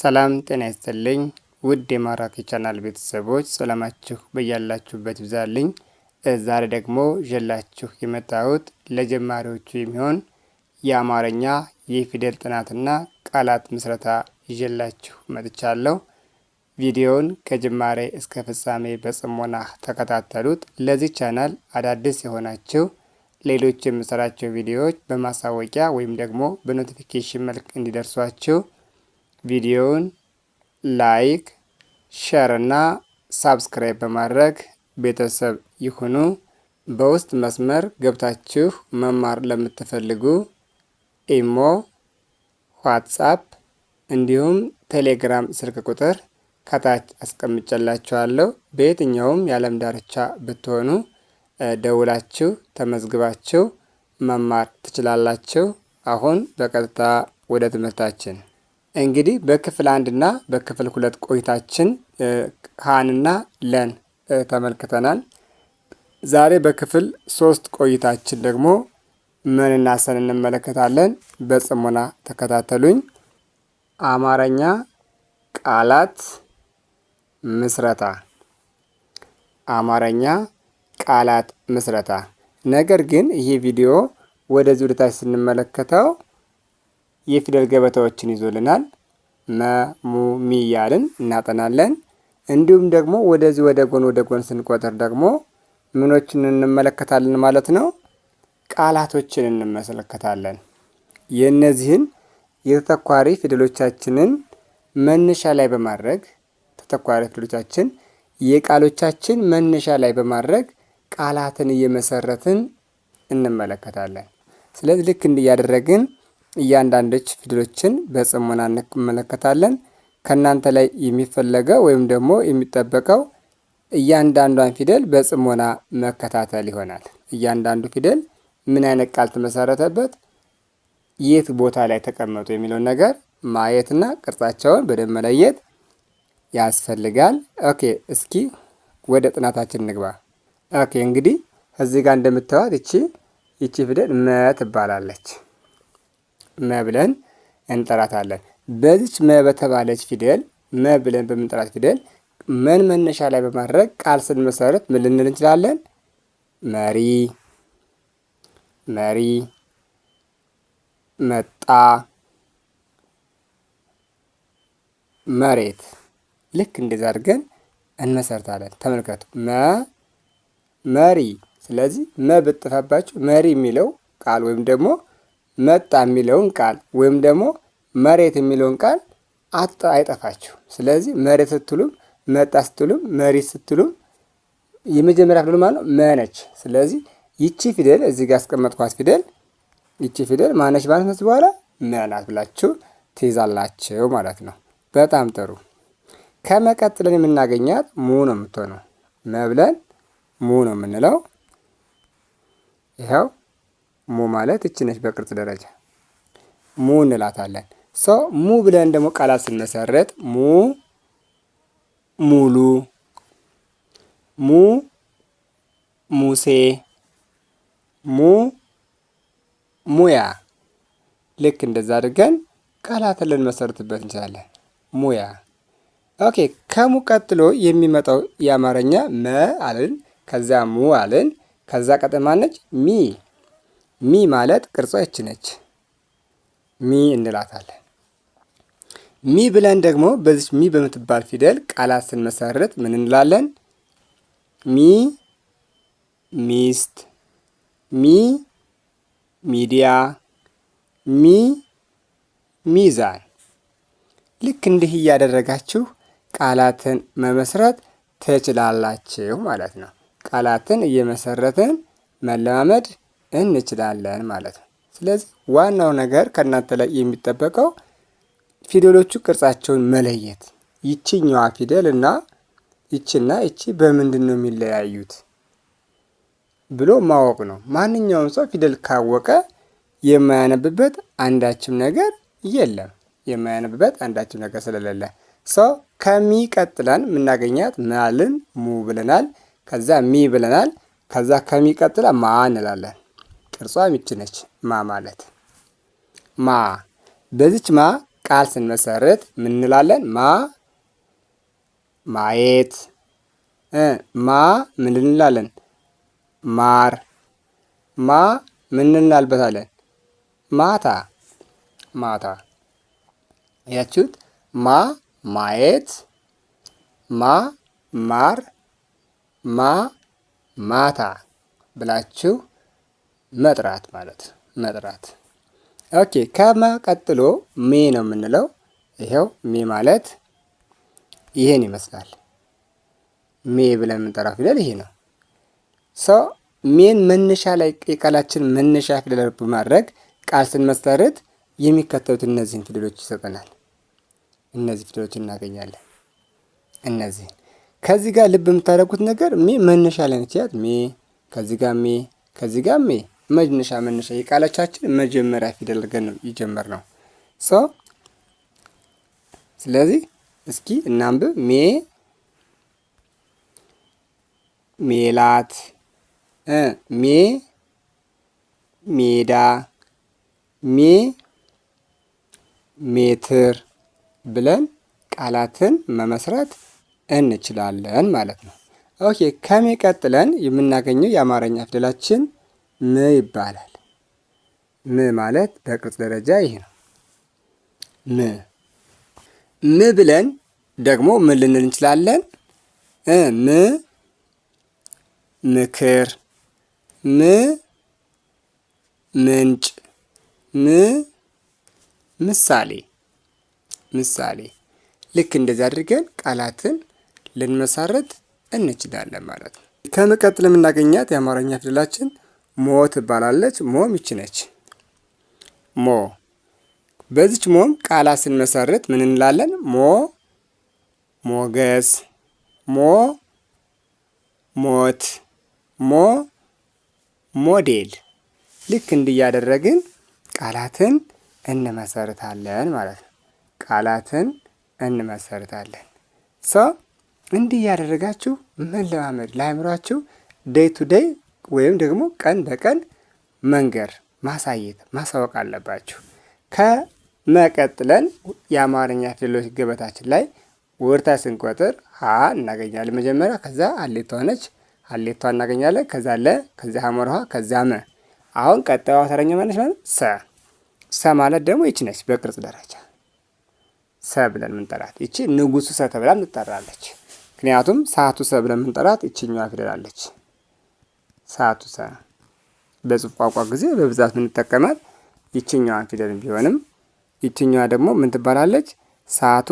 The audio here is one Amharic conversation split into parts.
ሰላም ጤና ይስጥልኝ ውድ የማራኪ ቻናል ቤተሰቦች ሰላማችሁ በያላችሁበት ይብዛልኝ። ዛሬ ደግሞ ይዤላችሁ የመጣሁት ለጀማሪዎቹ የሚሆን የአማርኛ የፊደል ጥናትና ቃላት ምስረታ ይዤላችሁ መጥቻለሁ። ቪዲዮውን ከጅማሬ እስከ ፍጻሜ በጽሞና ተከታተሉት። ለዚህ ቻናል አዳዲስ የሆናችሁ ሌሎች የምሰራቸው ቪዲዮዎች በማሳወቂያ ወይም ደግሞ በኖቲፊኬሽን መልክ እንዲደርሷችሁ ቪዲዮውን ላይክ፣ ሸር እና ሳብስክራይብ በማድረግ ቤተሰብ ይሁኑ። በውስጥ መስመር ገብታችሁ መማር ለምትፈልጉ ኢሞ፣ ዋትሳፕ እንዲሁም ቴሌግራም ስልክ ቁጥር ከታች አስቀምጨላችኋለሁ። በየትኛውም የዓለም ዳርቻ ብትሆኑ ደውላችሁ ተመዝግባችሁ መማር ትችላላችሁ። አሁን በቀጥታ ወደ ትምህርታችን እንግዲህ በክፍል አንድና በክፍል ሁለት ቆይታችን ሀንና ለን ተመልክተናል። ዛሬ በክፍል ሶስት ቆይታችን ደግሞ ምንና ሰን እንመለከታለን። በጽሞና ተከታተሉኝ። አማርኛ ቃላት ምስረታ አማርኛ ቃላት ምስረታ። ነገር ግን ይህ ቪዲዮ ወደዚህ ወደታች ስንመለከተው የፊደል ገበታዎችን ይዞልናል። መ፣ ሙ፣ ሚ እያልን እናጠናለን። እንዲሁም ደግሞ ወደዚህ ወደ ጎን ወደ ጎን ስንቆጥር ደግሞ ምኖችን እንመለከታለን ማለት ነው። ቃላቶችን እንመለከታለን። የእነዚህን የተተኳሪ ፊደሎቻችንን መነሻ ላይ በማድረግ ተተኳሪ ፊደሎቻችን የቃሎቻችን መነሻ ላይ በማድረግ ቃላትን እየመሰረትን እንመለከታለን። ስለዚህ ልክ እንዲያደረግን እያንዳንዶች ፊደሎችን በጽሞና እንመለከታለን። ከእናንተ ላይ የሚፈለገው ወይም ደግሞ የሚጠበቀው እያንዳንዷን ፊደል በጽሞና መከታተል ይሆናል። እያንዳንዱ ፊደል ምን አይነት ቃል ተመሰረተበት፣ የት ቦታ ላይ ተቀመጡ የሚለውን ነገር ማየትና ቅርጻቸውን በደንብ መለየት ያስፈልጋል። ኦኬ፣ እስኪ ወደ ጥናታችን እንግባ። ኦኬ፣ እንግዲህ እዚህ ጋር እንደምታዩት ይቺ ይቺ ፊደል መ ትባላለች። መ ብለን እንጠራታለን። በዚች መ በተባለች ፊደል መ ብለን በምንጠራት ፊደል መን መነሻ ላይ በማድረግ ቃል ስንመሰረት ምን ልንል እንችላለን? መሪ፣ መሪ፣ መጣ፣ መሬት። ልክ እንደዛ አድርገን እንመሰርታለን። ተመልከቱ፣ መ መሪ። ስለዚህ መ ብትጠፋባችሁ መሪ የሚለው ቃል ወይም ደግሞ መጣ የሚለውን ቃል ወይም ደግሞ መሬት የሚለውን ቃል አጣ አይጠፋችሁ። ስለዚህ መሬት ስትሉም መጣ ስትሉም መሬት ስትሉም የመጀመሪያ ፊደል ማለት ነው መነች። ስለዚህ ይቺ ፊደል እዚህ ጋር አስቀመጥኳት ፊደል ይቺ ፊደል ማነች ማለት ነው። በኋላ መናት ብላችሁ ትይዛላችሁ ማለት ነው። በጣም ጥሩ። ከመቀጥለን የምናገኛት ሙ ነው የምትሆነው። መብለን ሙ ነው የምንለው ይኸው ሙ ማለት እች ነች። በቅርጽ ደረጃ ሙ እንላታለን። ሶ ሙ ብለን ደግሞ ቃላት ስንመሰረት ሙ ሙሉ፣ ሙ ሙሴ፣ ሙ ሙያ። ልክ እንደዛ አድርገን ቃላትን ልንመሰርትበት እንችላለን። ሙያ። ኦኬ። ከሙ ቀጥሎ የሚመጣው የአማርኛ መ አልን፣ ከዛ ሙ አልን፣ ከዛ ቀጥማ ነች ሚ ሚ ማለት ቅርጿ ይች ነች። ሚ እንላታለን። ሚ ብለን ደግሞ በዚች ሚ በምትባል ፊደል ቃላት ስንመሰርት ምን እንላለን? ሚ ሚስት፣ ሚ ሚዲያ፣ ሚ ሚዛን። ልክ እንዲህ እያደረጋችሁ ቃላትን መመስረት ትችላላችሁ ማለት ነው። ቃላትን እየመሰረትን መለማመድ እንችላለን ማለት ነው። ስለዚህ ዋናው ነገር ከእናንተ ላይ የሚጠበቀው ፊደሎቹ ቅርጻቸውን መለየት ይችኛዋ ፊደል እና ይችና ይቺ በምንድን ነው የሚለያዩት ብሎ ማወቅ ነው። ማንኛውም ሰው ፊደል ካወቀ የማያነብበት አንዳችም ነገር የለም። የማያነብበት አንዳችም ነገር ስለሌለ ሰው ከሚ ቀጥለን የምናገኛት ምናልን? ሙ ብለናል። ከዛ ሚ ብለናል። ከዛ ከሚ ማ እንላለን። ቅርጿ ምች ነች። ማ ማለት ማ በዚች ማ ቃል ስንመሰርት ምን እንላለን? ማ ማየት፣ ማ ምን እንላለን? ማር፣ ማ ምን እንላልበታለን? ማታ ማታ። ያችሁት ማ ማየት፣ ማ ማር፣ ማ ማታ ብላችሁ መጥራት ማለት መጥራት። ኦኬ ከመ ቀጥሎ ሜ ነው የምንለው። ይኸው ሜ ማለት ይሄን ይመስላል። ሜ ብለን የምንጠራው ፊደል ይሄ ነው። ሰው ሜን መነሻ ላይ የቃላችን መነሻ ፊደል በማድረግ ቃል ስንመሰርት የሚከተሉት እነዚህን ፊደሎች ይሰጠናል። እነዚህ ፊደሎች እናገኛለን። እነዚህን ከዚህ ጋር ልብ የምታደርጉት ነገር ሜ መነሻ ላይ ነች። ያት ሜ ከዚህ ጋር ሜ ከዚህ ጋር ሜ መነሻ መነሻ የቃሎቻችን መጀመሪያ ፊደል ገን ነው ይጀመር ነው ሶ ስለዚህ እስኪ እናንብብ። ሜ ሜላት፣ ሜ ሜዳ፣ ሜ ሜትር ብለን ቃላትን መመስረት እንችላለን ማለት ነው። ኦኬ ከሜ ቀጥለን የምናገኘው የአማርኛ ፊደላችን ም ይባላል። ም ማለት በቅርጽ ደረጃ ይሄ ነው። ም ም ብለን ደግሞ ምን ልንል እንችላለን? ም ምክር፣ ም ምንጭ፣ ም ምሳሌ ምሳሌ ልክ እንደዚህ አድርገን ቃላትን ልንመሰርት እንችላለን ማለት ነው። ከምቀጥል የምናገኛት የአማርኛ ፊደላችን ሞ ትባላለች። ሞም ምች ነች። ሞ በዚች ሞም ቃላት ስንመሰርት ምን እንላለን? ሞ ሞገስ፣ ሞ ሞት፣ ሞ ሞዴል። ልክ እንዲያደረግን ቃላትን እንመሰርታለን ማለት ነው። ቃላትን እንመሰርታለን። ሰው እንዲህ እያደረጋችሁ መለማመድ ለአእምሯችሁ ዴይ ቱ ዴይ ወይም ደግሞ ቀን በቀን መንገር ማሳየት ማሳወቅ አለባችሁ። ከመቀጥለን የአማርኛ ፊደሎች ገበታችን ላይ ወርታ ስንቆጥር ሀ እናገኛለን መጀመሪያ። ከዛ አሌቷ ነች፣ አሌቷ እናገኛለን። ከዛ ለ፣ ከዛ ሀመርሃ፣ ከዛ መ። አሁን ቀጣዩ አተረኛ ማነች ማለት ሰ። ሰ ማለት ደግሞ ይች ነች በቅርጽ ደረጃ ሰ ብለን ምንጠራት። ይቺ ንጉሱ ሰ ተብላ ምትጠራለች። ምክንያቱም ሰዓቱ ሰ ብለን ምንጠራት ይችኛዋ ፊደላለች። ሰ በጽሁፍ ቋንቋ ጊዜ በብዛት የምንጠቀማት ይችኛዋ ፊደል ቢሆንም ይችኛዋ ደግሞ ምን ትባላለች? ሳቱ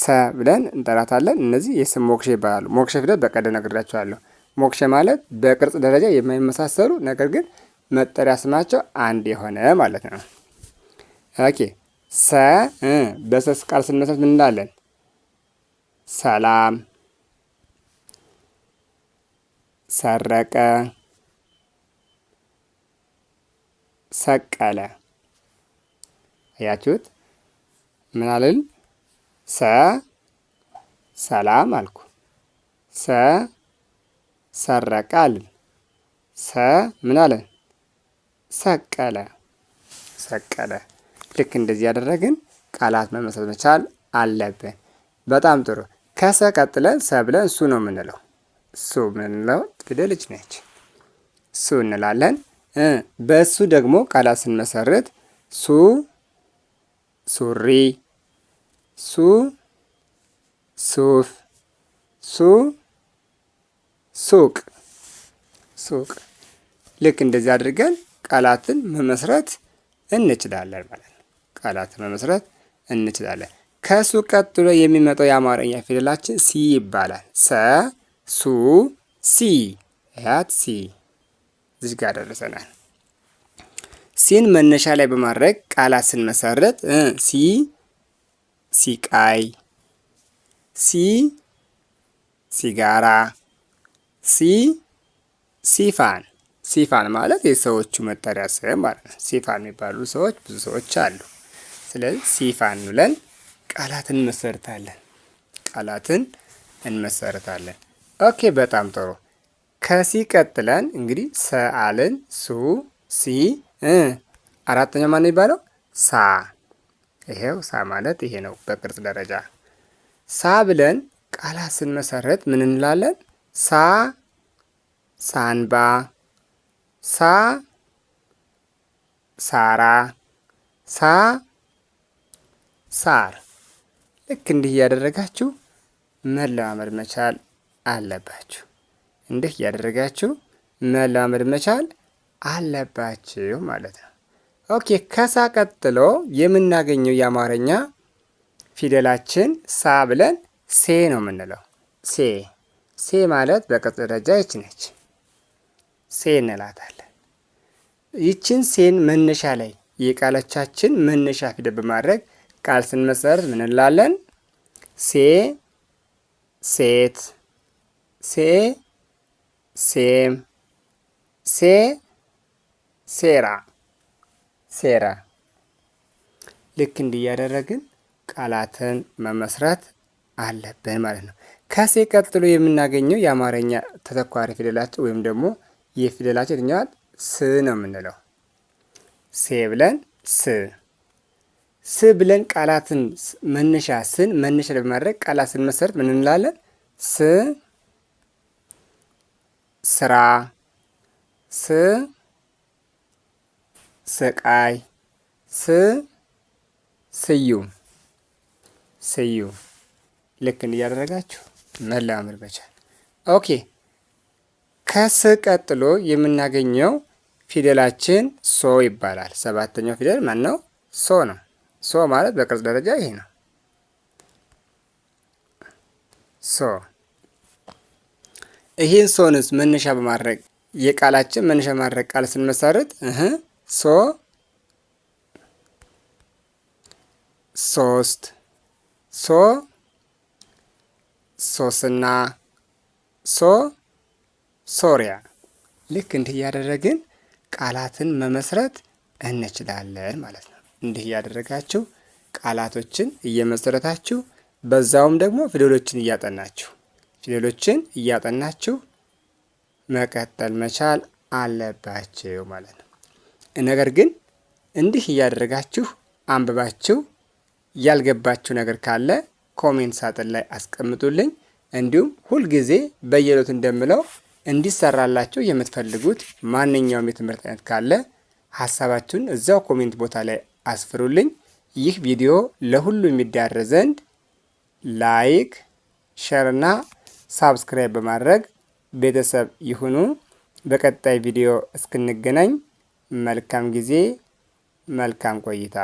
ሰ ብለን እንጠራታለን። እነዚህ የስም ሞክሼ ይባላሉ። ሞክሼ ፊደል በቀደም ነግሬያቸዋለሁ። ሞክሼ ማለት በቅርጽ ደረጃ የማይመሳሰሉ ነገር ግን መጠሪያ ስማቸው አንድ የሆነ ማለት ነው። ኦኬ ሰ በሰስ ቃል ስንመሰረት ምን እንላለን? ሰላም፣ ሰረቀ ሰቀለ። አያችሁት? ምን አልን? ሰ ሰላም አልኩ። ሰ ሰረቀ አልን። ሰ ምን አለን? ሰቀለ ሰቀለ። ልክ እንደዚህ ያደረግን ቃላት መመስረት መቻል አለብን። በጣም ጥሩ። ከሰ ቀጥለን ሰ ብለን እሱ ነው የምንለው። እሱ የምንለው ፊደል ነች። እሱ እንላለን። በሱ ደግሞ ቃላት ስንመሰርት ሱ ሱሪ፣ ሱ ሱፍ፣ ሱ ሱቅ ሱቅ። ልክ እንደዚህ አድርገን ቃላትን መመስረት እንችላለን ማለት ነው። ቃላትን መመስረት እንችላለን። ከሱ ቀጥሎ የሚመጣው የአማርኛ ፊደላችን ሲ ይባላል። ሰ ሱ ሲ ያት ሲ እዚህ ጋር ደርሰናል። ሲን መነሻ ላይ በማድረግ ቃላት ስንመሰረት ሲ ሲቃይ፣ ሲ ሲጋራ፣ ሲ ሲፋን። ሲፋን ማለት የሰዎቹ መጠሪያ ስም ማለት ነው። ሲፋን የሚባሉ ሰዎች ብዙ ሰዎች አሉ። ስለዚህ ሲፋን ብለን ቃላትን እንመሰርታለን። ቃላትን እንመሰርታለን። ኦኬ፣ በጣም ጥሩ። ከሲ ቀጥለን እንግዲህ ሰ አልን ሱ ሲ እ አራተኛ ማን የሚባለው ሳ። ይሄው ሳ ማለት ይሄ ነው በቅርጽ ደረጃ። ሳ ብለን ቃላት ስንመሰረት ምን እንላለን? ሳ ሳንባ፣ ሳ ሳራ፣ ሳ ሳር። ልክ እንዲህ እያደረጋችሁ መለማመድ መቻል አለባችሁ። እንዲህ እያደረጋችሁ መላመድ መቻል አለባችሁ ማለት ነው። ኦኬ ከሳ ቀጥሎ የምናገኘው የአማርኛ ፊደላችን ሳ ብለን ሴ ነው የምንለው። ሴ ሴ ማለት በቅጽ ደረጃ ይች ነች። ሴ እንላታለን። ይችን ሴን መነሻ ላይ የቃሎቻችን መነሻ ፊደል በማድረግ ቃል ስንመሰረት ምን እንላለን? ሴ ሴት ሴ ሴም ሴ ሴራ ሴራ ልክ እንዲህ እያደረግን ቃላትን መመስረት አለብን ማለት ነው። ከሴ ቀጥሎ የምናገኘው የአማርኛ ተተኳሪ ፊደላቸው ወይም ደግሞ ይህ ፊደላቸው የትኛዋል? ስ ነው የምንለው። ሴ ብለን ስ ስ ብለን ቃላትን መነሻ ስን መነሻ ለማድረግ ቃላት ስንመሰርት ምን እንላለን? ስ ስራ ስ ስቃይ ስ ስዩም ስዩም ልክ እያደረጋችሁ መለማመድ መቻል። ኦኬ ከስ ቀጥሎ የምናገኘው ፊደላችን ሶ ይባላል። ሰባተኛው ፊደል ማን ነው? ሶ ነው። ሶ ማለት በቅርጽ ደረጃ ይሄ ነው። ሶ ይህን ሶንስ መነሻ በማድረግ የቃላችን መነሻ በማድረግ ቃል ስንመሰርት እህ ሶ ሶስት ሶ ሶስና ሶ ሶሪያ ልክ እንዲህ እያደረግን ቃላትን መመስረት እንችላለን ማለት ነው። እንዲህ እያደረጋችሁ ቃላቶችን እየመሰረታችሁ በዛውም ደግሞ ፊደሎችን እያጠናችሁ ፊደሎችን እያጠናችሁ መቀጠል መቻል አለባቸው ማለት ነው። ነገር ግን እንዲህ እያደረጋችሁ አንብባችሁ ያልገባችሁ ነገር ካለ ኮሜንት ሳጥን ላይ አስቀምጡልኝ። እንዲሁም ሁልጊዜ በየሎት እንደምለው እንዲሰራላችሁ የምትፈልጉት ማንኛውም የትምህርት አይነት ካለ ሀሳባችሁን እዛው ኮሜንት ቦታ ላይ አስፍሩልኝ። ይህ ቪዲዮ ለሁሉ የሚዳረስ ዘንድ ላይክ፣ ሸርና ሳብስክራይብ በማድረግ ቤተሰብ ይሁኑ። በቀጣይ ቪዲዮ እስክንገናኝ መልካም ጊዜ፣ መልካም ቆይታ